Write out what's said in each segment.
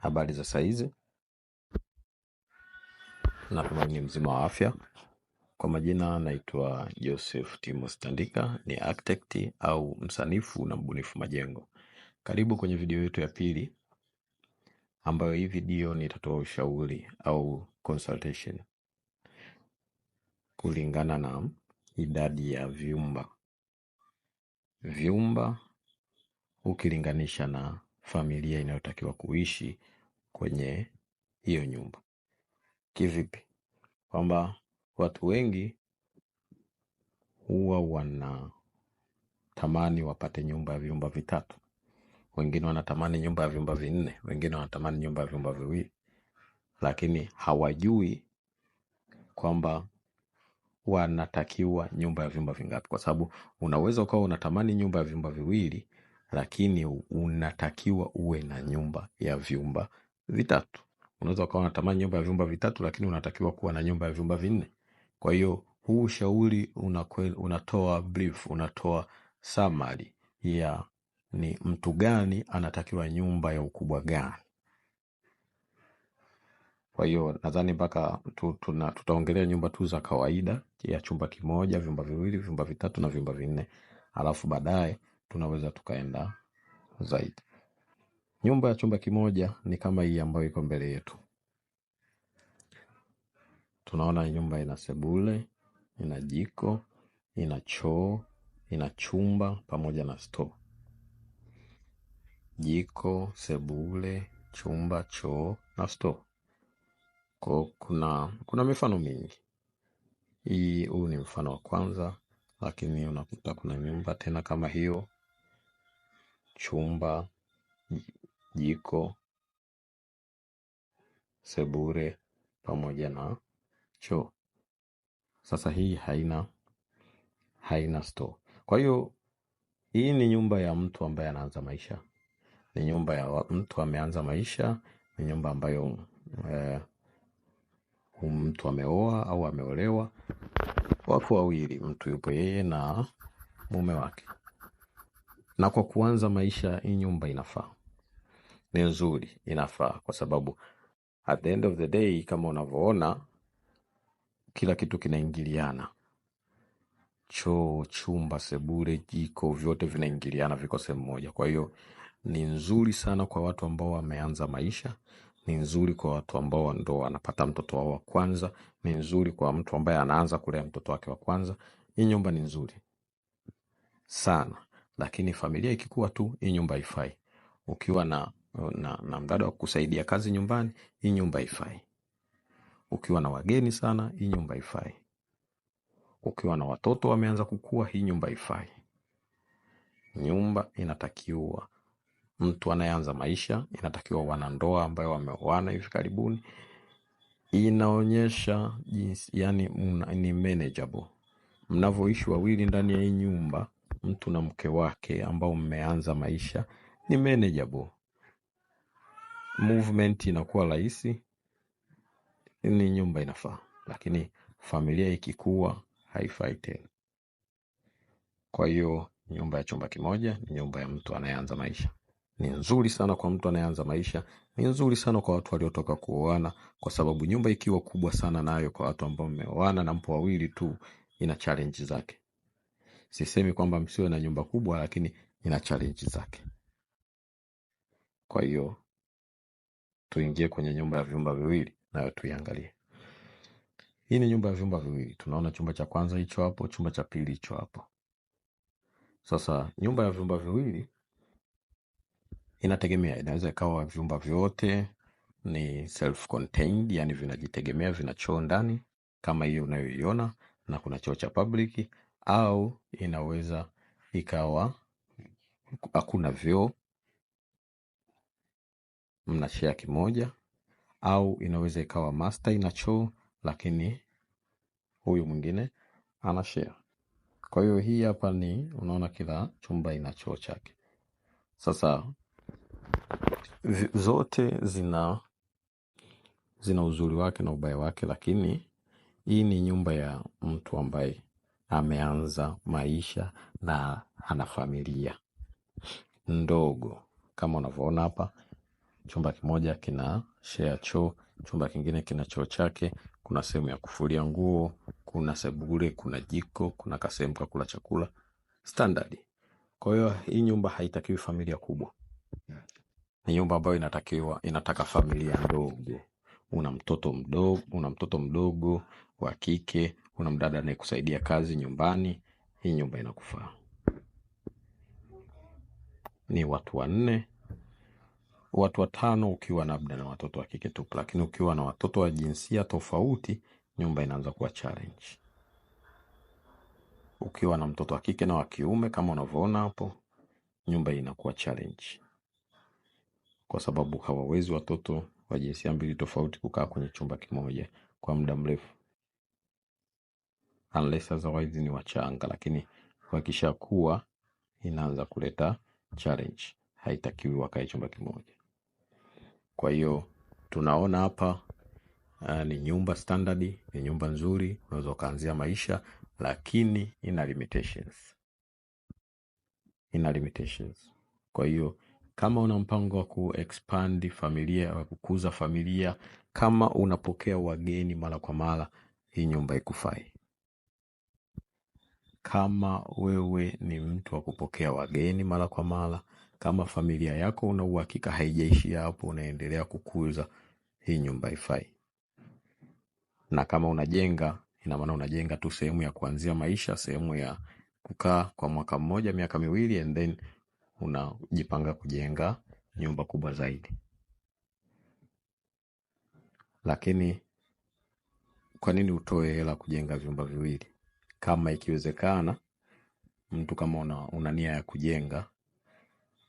Habari za saizi, natumaini mzima wa afya. Kwa majina naitwa Joseph Timo Standika, ni architect au msanifu na mbunifu majengo. Karibu kwenye video yetu ya pili, ambayo hii video nitatoa ushauri au consultation kulingana na idadi ya vyumba vyumba ukilinganisha na familia inayotakiwa kuishi kwenye hiyo nyumba. Kivipi? Kwamba watu wengi huwa wanatamani wapate nyumba ya vyumba vitatu, wengine wanatamani nyumba ya vyumba vinne, wengine wanatamani nyumba ya vyumba viwili, lakini hawajui kwamba wanatakiwa nyumba ya vyumba vingapi, kwa sababu unaweza ukawa unatamani nyumba ya vyumba viwili, lakini unatakiwa uwe na nyumba ya vyumba vitatu. Unaweza ukawa unatamani nyumba ya vyumba vitatu, lakini unatakiwa kuwa na nyumba ya vyumba vinne. Kwa hiyo huu ushauri unatoa brief, unatoa summary ya ni mtu gani anatakiwa nyumba ya ukubwa gani. Kwa hiyo nadhani mpaka tutaongelea nyumba tu za kawaida ya chumba kimoja, vyumba viwili, vyumba vitatu na vyumba vinne, alafu baadaye tunaweza tukaenda zaidi. Nyumba ya chumba kimoja ni kama hii ambayo iko mbele yetu. Tunaona nyumba ina sebule, ina jiko, ina choo, ina chumba pamoja na store. Jiko, sebule, chumba, choo na store. Kwa kuna kuna mifano mingi. Hii huu ni mfano wa kwanza, lakini unakuta kuna nyumba tena kama hiyo Chumba, jiko, sebure pamoja na choo. Sasa hii haina haina store. Kwa hiyo hii ni nyumba ya mtu ambaye anaanza maisha, ni nyumba ya mtu ameanza maisha, ni nyumba ambayo eh, mtu ameoa au ameolewa, wako wawili, mtu yupo yeye na mume wake na kwa kuanza maisha, hii nyumba inafaa, ni nzuri, inafaa kwa sababu at the end of the day kama unavyoona kila kitu kinaingiliana, choo, chumba, sebule, jiko, vyote vinaingiliana, viko sehemu moja. Kwa hiyo ni nzuri sana kwa watu ambao wameanza maisha, ni nzuri kwa watu ambao ndo wanapata mtoto wao wa kwanza, ni nzuri kwa mtu ambaye anaanza kulea mtoto wake wa kwanza. Hii nyumba ni nzuri sana lakini familia ikikua tu, hii nyumba ifai Ukiwa na, na, na mdada wa kusaidia kazi nyumbani, hii nyumba ifai Ukiwa na wageni sana, hii nyumba ifai Ukiwa na watoto wameanza kukua, hii nyumba ifai Nyumba inatakiwa mtu anayeanza maisha, inatakiwa wanandoa ambayo wameoana hivi karibuni, inaonyesha jinsi yani, ni manageable mnavyoishi wawili ndani ya hii nyumba mtu na mke wake ambao mmeanza maisha ni manageable. Movement inakuwa rahisi, ni nyumba inafaa, lakini familia ikikua haifai tena. Kwa hiyo nyumba ya chumba kimoja ni nyumba ya mtu anayeanza maisha. Ni nzuri sana kwa mtu anayeanza maisha, ni nzuri sana kwa watu waliotoka kuoana, kwa sababu nyumba ikiwa kubwa sana nayo, kwa watu ambao mmeoana na mpo wawili tu, ina challenge zake. Sisemi kwamba msiwe na nyumba kubwa, lakini ina challenge zake. Kwa hiyo tuingie kwenye nyumba ya vyumba viwili, nayo tuiangalie. Hii ni nyumba ya vyumba viwili, tunaona chumba cha kwanza hicho hapo, chumba cha pili hicho hapo. Sasa nyumba ya vyumba viwili inategemea, inaweza ikawa vyumba vyote ni self contained, yani vinajitegemea, vina choo ndani kama hiyo unayoiona, na kuna choo cha public au inaweza ikawa hakuna vyoo, mna shea kimoja, au inaweza ikawa master ina choo lakini huyu mwingine ana shea. Kwa hiyo hii hapa ni unaona, kila chumba ina choo chake. Sasa zote zina zina uzuri wake na ubaya wake, lakini hii ni nyumba ya mtu ambaye ameanza maisha na ana familia ndogo. Kama unavyoona hapa, chumba kimoja kina shea choo, chumba kingine kina choo chake, kuna sehemu ya kufulia nguo, kuna sebule, kuna jiko, kuna kasehemu ka kula chakula standard. Kwa hiyo hii nyumba haitakiwi familia kubwa, ni nyumba ambayo inatakiwa inataka familia ndogo. Una mtoto mdogo, una mtoto mdogo wa kike, kuna mdada anayekusaidia kazi nyumbani, hii nyumba inakufaa. Ni watu wanne, watu watano ukiwa labda na watoto wa kike tu, lakini ukiwa na watoto wa jinsia tofauti, nyumba inaanza kuwa challenge. Ukiwa na mtoto wa kike na wa kiume kama unavyoona hapo, nyumba inakuwa challenge kwa sababu hawawezi watoto wa jinsia mbili tofauti kukaa kwenye chumba kimoja kwa muda mrefu unless otherwise ni wachanga, lakini kuhakikisha kuwa inaanza kuleta challenge, haitakiwi wakae chumba kimoja. Kwa hiyo tunaona hapa uh, ni nyumba standard, ni nyumba nzuri, unaweza ukaanzia maisha, lakini ina limitations, ina limitations. Kwa hiyo kama una mpango wa kuexpand familia wa kukuza familia, kama unapokea wageni mara kwa mara, hii nyumba ikufai. Kama wewe ni mtu wa kupokea wageni mara kwa mara, kama familia yako una uhakika haijaishia hapo, unaendelea kukuza hii nyumba ifai. Na kama unajenga, ina maana unajenga tu sehemu ya kuanzia maisha, sehemu ya kukaa kwa mwaka mmoja, miaka miwili, and then unajipanga kujenga nyumba kubwa zaidi. Lakini kwa nini utoe hela kujenga vyumba viwili? kama ikiwezekana mtu kama una, una nia ya kujenga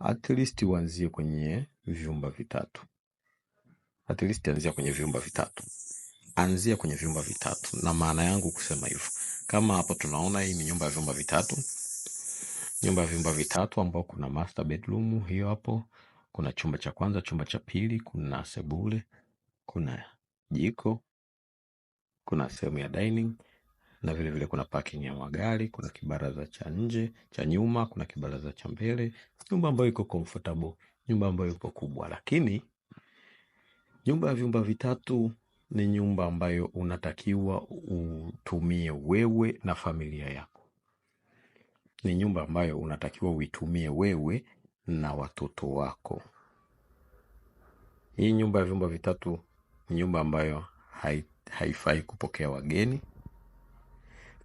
at least uanzie kwenye vyumba vitatu, at least anzia kwenye vyumba vitatu, anzia kwenye vyumba vitatu. Na maana yangu kusema hivyo, kama hapo tunaona hii ni nyumba ya vyumba vitatu, nyumba ya vyumba vitatu ambao kuna master bedroom hiyo hapo, kuna chumba cha kwanza, chumba cha pili, kuna sebule, kuna jiko, kuna sehemu ya dining na vile vile kuna parking ya magari, kuna kibaraza cha nje cha nyuma, kuna kibaraza cha mbele, nyumba ambayo iko comfortable, nyumba ambayo iko kubwa. Lakini nyumba ya vyumba vitatu ni nyumba ambayo unatakiwa utumie wewe na familia yako, ni nyumba ambayo unatakiwa uitumie wewe na watoto wako. Hii nyumba ya vyumba vitatu ni nyumba ambayo haifai kupokea wageni,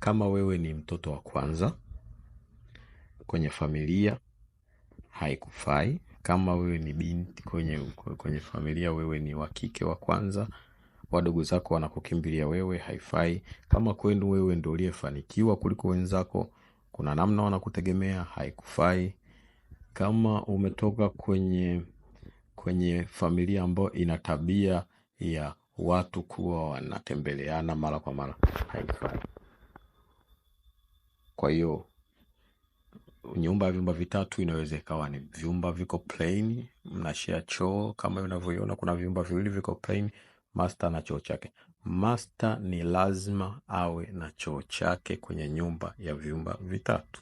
kama wewe ni mtoto wa kwanza kwenye familia haikufai. Kama wewe ni binti kwenye, kwenye familia wewe ni wa kike wa kwanza, wadogo zako wanakukimbilia wewe, haifai. Kama kwenu wewe ndo uliyefanikiwa kuliko wenzako, kuna namna wanakutegemea, haikufai. Kama umetoka kwenye kwenye familia ambayo ina tabia ya watu kuwa wanatembeleana mara kwa mara, haifai. Kwa hiyo nyumba ya vyumba vitatu inaweza ikawa ni vyumba viko plain, mnashare choo kama unavyoiona, kuna vyumba viwili viko plain, master na choo chake. Master ni lazima awe na choo chake kwenye nyumba ya vyumba vitatu.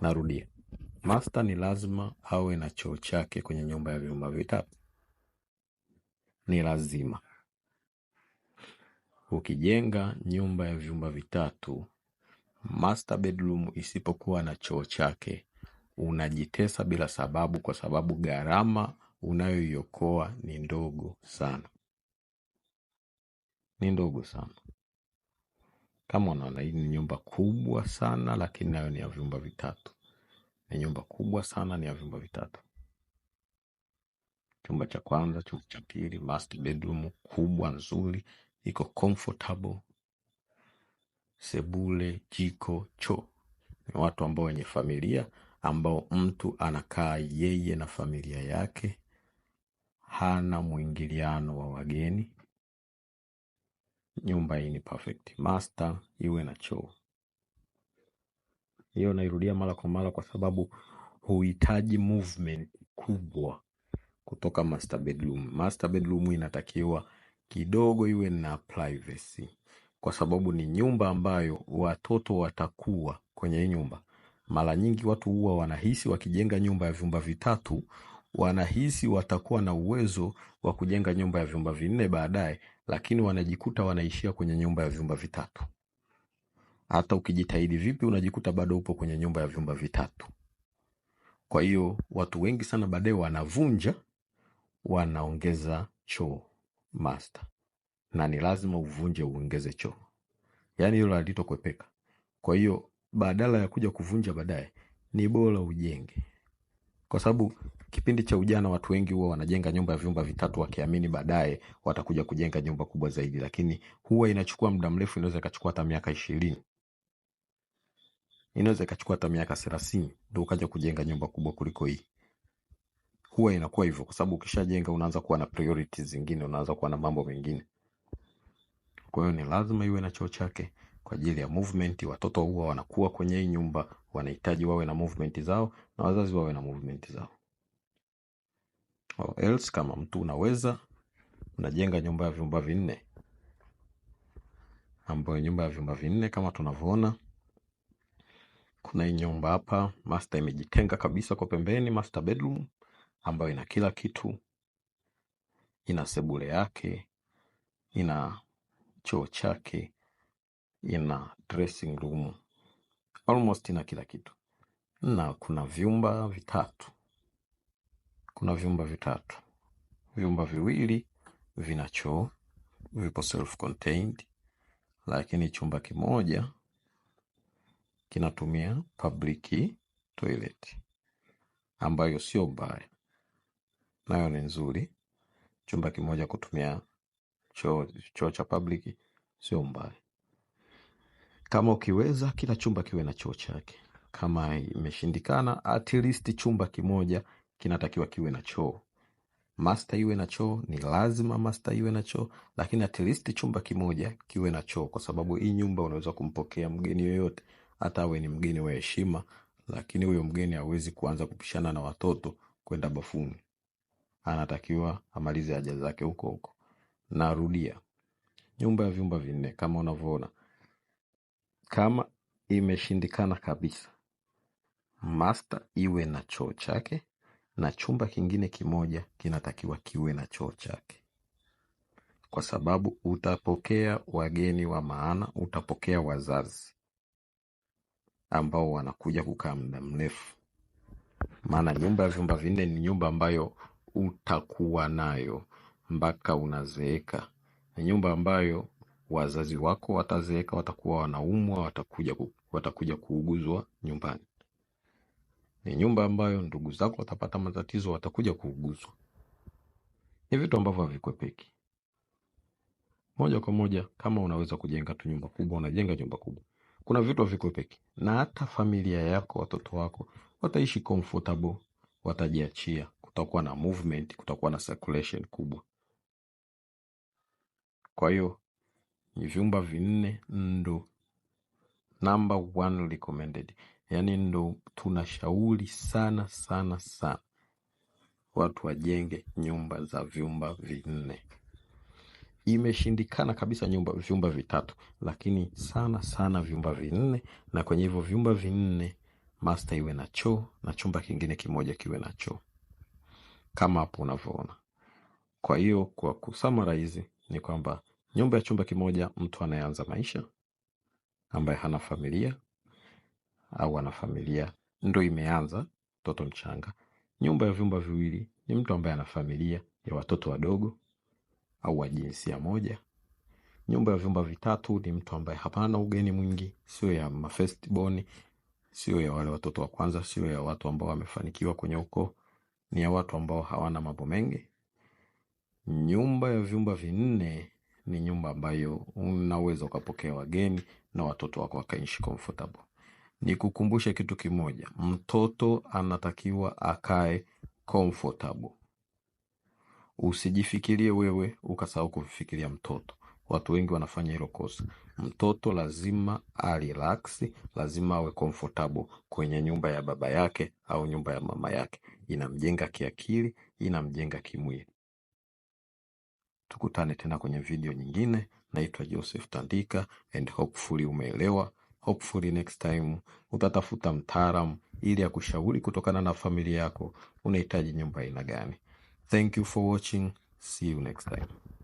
Narudia, master ni lazima awe na choo chake kwenye nyumba ya vyumba vitatu, ni lazima. Ukijenga nyumba ya vyumba vitatu master bedroom isipokuwa na choo chake, unajitesa bila sababu, kwa sababu gharama unayoiokoa ni ndogo sana, ni ndogo sana. Kama unaona, hii ni nyumba kubwa sana, lakini nayo ni ya vyumba vitatu. Ni nyumba kubwa sana, ni ya vyumba vitatu, chumba cha kwanza, chumba cha pili, master bedroom kubwa nzuri Iko comfortable, sebule, jiko, choo. Ni watu ambao wenye familia ambao mtu anakaa yeye na familia yake, hana mwingiliano wa wageni. Nyumba hii ni perfect. Master iwe na choo. Hiyo nairudia mara kwa mara kwa sababu huhitaji movement kubwa kutoka master bedroom. Master bedroom inatakiwa kidogo iwe na privacy, kwa sababu ni nyumba ambayo watoto watakuwa kwenye nyumba. Mara nyingi watu huwa wanahisi wakijenga nyumba ya vyumba vitatu wanahisi watakuwa na uwezo wa kujenga nyumba ya vyumba vinne baadaye, lakini wanajikuta wanaishia kwenye nyumba ya vyumba vitatu. Hata ukijitahidi vipi, unajikuta bado upo kwenye nyumba ya vyumba vitatu. Kwa hiyo watu wengi sana baadaye wanavunja, wanaongeza choo master na ni lazima uvunje uongeze choo. Yaani hilo halitokwepeka. Kwa hiyo badala ya kuja kuvunja baadaye, ni bora ujenge, kwa sababu kipindi cha ujana watu wengi huwa wanajenga nyumba ya vyumba vitatu wakiamini baadaye watakuja kujenga nyumba kubwa zaidi, lakini huwa inachukua muda mrefu. Inaweza ikachukua hata miaka ishirini, inaweza ikachukua hata miaka thelathini ndo ukaja kujenga nyumba kubwa kuliko hii huwa inakuwa hivyo, kwa sababu ukishajenga unaanza kuwa na priorities zingine, unaanza kuwa na mambo mengine. Kwa hiyo ni lazima iwe na choo chake kwa ajili ya movement. Watoto huwa wanakuwa kwenye hii nyumba, wanahitaji wawe na movement zao na wazazi wawe na movement zao. Or else kama mtu unaweza unajenga nyumba ya vyumba vinne, ambayo nyumba ya vyumba vinne kama tunavyoona kuna hii nyumba hapa, master imejitenga kabisa kwa pembeni, master bedroom ambayo ina kila kitu, ina sebule yake, ina choo chake, ina dressing room, almost ina kila kitu, na kuna vyumba vitatu. Kuna vyumba vitatu, vyumba viwili vina choo, vipo self contained, lakini chumba kimoja kinatumia public toilet ambayo sio mbaya nayo ni nzuri. Chumba kimoja kutumia choo cha public sio mbaya. Kama ukiweza kila chumba kiwe na choo chake. Kama imeshindikana at least chumba kimoja kinatakiwa kiwe na choo. Master iwe na choo, ni lazima master iwe na choo, lakini at least chumba kimoja kiwe na choo, kwa sababu hii nyumba unaweza kumpokea mgeni yoyote, hata awe ni mgeni wa heshima, lakini huyo mgeni hawezi kuanza kupishana na watoto kwenda bafuni anatakiwa amalize haja zake huko huko. Narudia, nyumba ya vyumba vinne kama unavyoona, kama imeshindikana kabisa, master iwe na choo chake na chumba kingine kimoja kinatakiwa kiwe na choo chake, kwa sababu utapokea wageni wa maana, utapokea wazazi ambao wanakuja kukaa muda mrefu. Maana nyumba ya vyumba vinne ni nyumba ambayo utakuwa nayo mpaka unazeeka, na nyumba ambayo wazazi wako watazeeka, watakuwa wanaumwa, watakuja, watakuja kuuguzwa nyumbani. Ni nyumba ambayo ndugu zako watapata matatizo, watakuja kuuguzwa. Ni vitu ambavyo havikwepeki moja kwa moja. Kama unaweza kujenga tu nyumba kubwa, unajenga nyumba kubwa. Kuna vitu havikwepeki, na hata familia yako, watoto wako wataishi comfortable, watajiachia kutakuwa na movement, kutakuwa na circulation kubwa. Kwa hiyo ni vyumba vinne ndo number one recommended, yaani ndo tunashauri sana sana sana watu wajenge nyumba za vyumba vinne. Imeshindikana kabisa nyumba vyumba vitatu, lakini sana sana vyumba vinne, na kwenye hivyo vyumba vinne master iwe na choo na chumba kingine kimoja kiwe na choo kama hapo unavyoona. Kwa hiyo kwa kusummarize ni kwamba nyumba ya chumba kimoja, mtu anayeanza maisha ambaye hana familia au ana familia ndo imeanza, mtoto mchanga. Nyumba ya vyumba viwili ni mtu ambaye ana familia ya watoto wadogo au wa jinsia moja. Nyumba ya vyumba vitatu ni mtu ambaye hapana ugeni mwingi, sio ya mafirstborn, sio ya wale watoto wa kwanza, sio ya watu ambao wamefanikiwa kwenye ukoo ni ya watu ambao hawana mambo mengi. Nyumba ya vyumba vinne ni nyumba ambayo unaweza ukapokea wageni na watoto wako wakaishi comfortable. Nikukumbushe kitu kimoja, mtoto anatakiwa akae comfortable. Usijifikirie wewe ukasahau kumfikiria mtoto. Watu wengi wanafanya hilo kosa. Mtoto lazima arelaksi, lazima awe comfortable kwenye nyumba ya baba yake au nyumba ya mama yake inamjenga kiakili, inamjenga kimwili. Tukutane tena kwenye video nyingine. Naitwa Joseph Tandika and hopefully umeelewa. Hopefully next time utatafuta mtaalamu ili akushauri kutokana na familia yako unahitaji nyumba aina gani. Thank you for watching. See you next time.